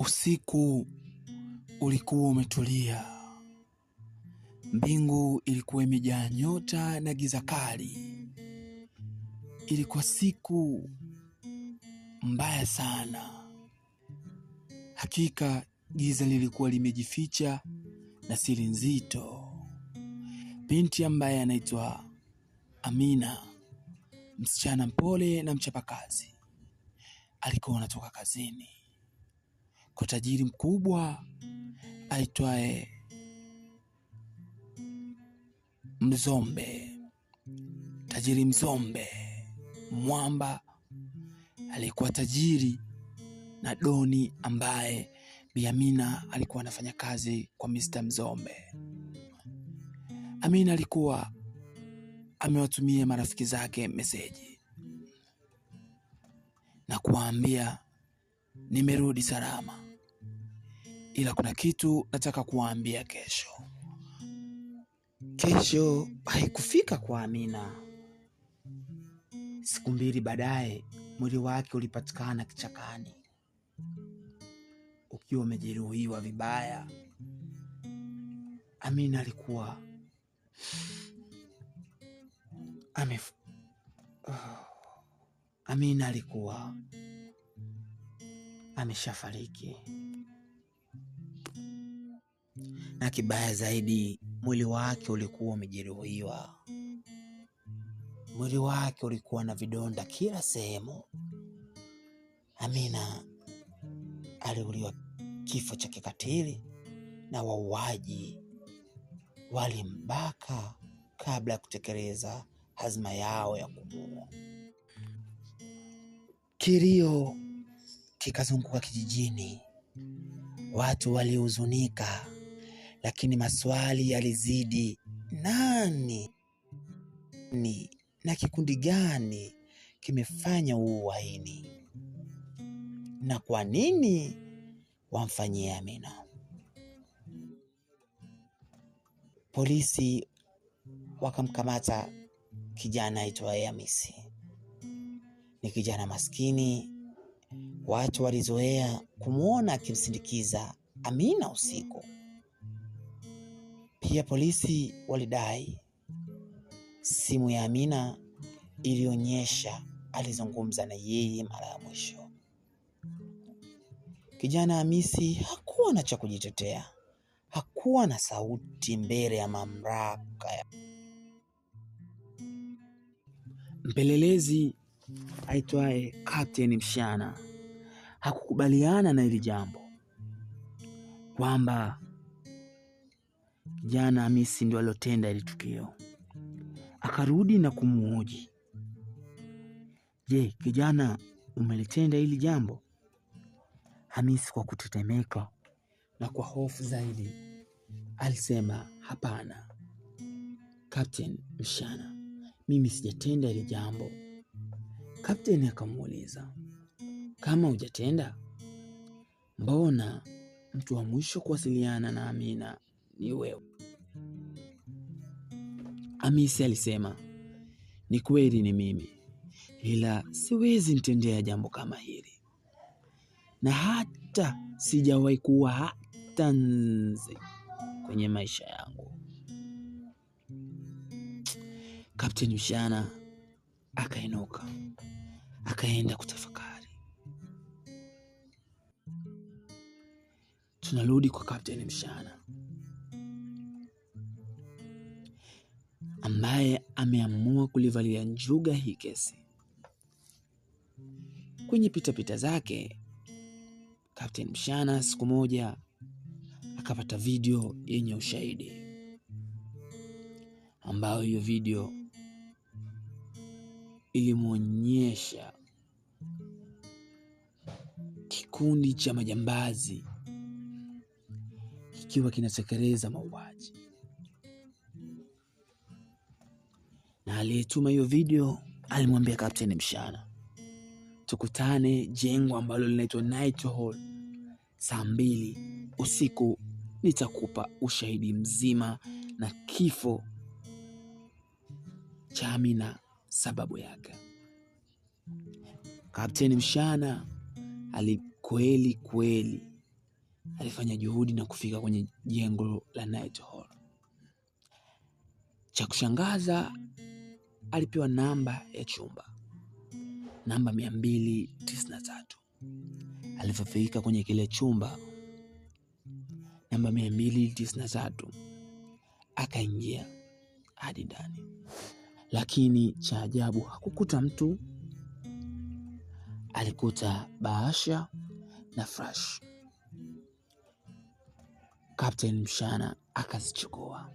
Usiku ulikuwa umetulia, mbingu ilikuwa imejaa nyota na giza kali. Ilikuwa siku mbaya sana. Hakika giza lilikuwa limejificha na siri nzito. Binti ambaye anaitwa Amina, msichana mpole na mchapakazi, alikuwa anatoka kazini kwa tajiri mkubwa aitwaye Mzombe, tajiri Mzombe Mwamba alikuwa tajiri na Doni ambaye biamina alikuwa anafanya kazi kwa Mr. Mzombe. Amina alikuwa amewatumia marafiki zake meseji na kuwaambia nimerudi salama ila kuna kitu nataka kuwaambia kesho. Kesho haikufika kwa Amina. Siku mbili baadaye mwili wake ulipatikana kichakani ukiwa umejeruhiwa vibaya. Amina alikuwa Amef... oh. Amina alikuwa ameshafariki na kibaya zaidi, mwili wake ulikuwa umejeruhiwa. Mwili wake ulikuwa na vidonda kila sehemu. Amina aliuliwa kifo cha kikatili na wauaji walimbaka kabla ya kutekeleza hazma yao ya kumuua. Kilio kikazunguka kijijini, watu walihuzunika lakini maswali yalizidi: nani ni na kikundi gani kimefanya huu uhaini, na kwa nini wamfanyie Amina? Polisi wakamkamata kijana aitwaye Hamisi. Ni kijana maskini, watu walizoea kumwona akimsindikiza Amina usiku. Pia polisi walidai simu ya Amina ilionyesha alizungumza na yeye mara ya mwisho. Kijana amisi hakuwa na cha kujitetea, hakuwa na sauti mbele ya mamlaka ya mpelelezi aitwaye Captain Mshana hakukubaliana na hili jambo kwamba Jana Hamisi ndio alotenda ile tukio. Akarudi na kumuhoji, je, kijana, umelitenda hili jambo? Hamisi kwa kutetemeka na kwa hofu zaidi alisema, hapana Kapten Mshana, mimi sijatenda hili jambo. Kapten akamuuliza, kama hujatenda, mbona mtu wa mwisho kuwasiliana na Amina ni wewe? amisi alisema, ni kweli ni mimi, ila siwezi mtendea jambo kama hili, na hata sijawahi kuwa hata nzi kwenye maisha yangu. Kapteni Mshana akainuka akaenda kutafakari. Tunarudi kwa Kapteni Mshana. ambaye ameamua kulivalia njuga hii kesi. Kwenye pitapita zake, kapten Mshana siku moja akapata video yenye ushahidi, ambayo hiyo video ilimwonyesha kikundi cha majambazi kikiwa kinatekeleza mauaji. aliyetuma hiyo video alimwambia Kapteni Mshana, tukutane jengo ambalo linaitwa Night Hall saa mbili usiku, nitakupa ushahidi mzima na kifo cha Amina sababu yake. Kapteni Mshana alikweli kweli alifanya juhudi na kufika kwenye jengo la Night Hall. Cha kushangaza alipewa namba ya chumba namba 293. Alivyofika kwenye kile chumba namba 293, akaingia hadi ndani, lakini cha ajabu hakukuta mtu. Alikuta baasha na fresh. Kapteni Mshana akazichukua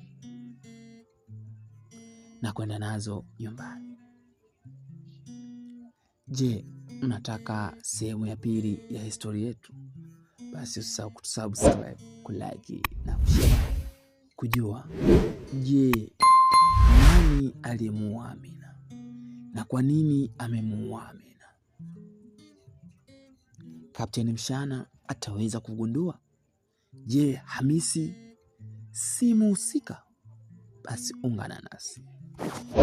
na kwenda nazo nyumbani. Je, unataka sehemu ya pili ya histori yetu? Basi usisahau kutusubscribe, kulaki na kushare. Kujua je, nani aliyemuua Amina na kwa nini amemuua Amina? Kapteni Mshana ataweza kugundua? Je, Hamisi si muhusika? basi ungana nasi.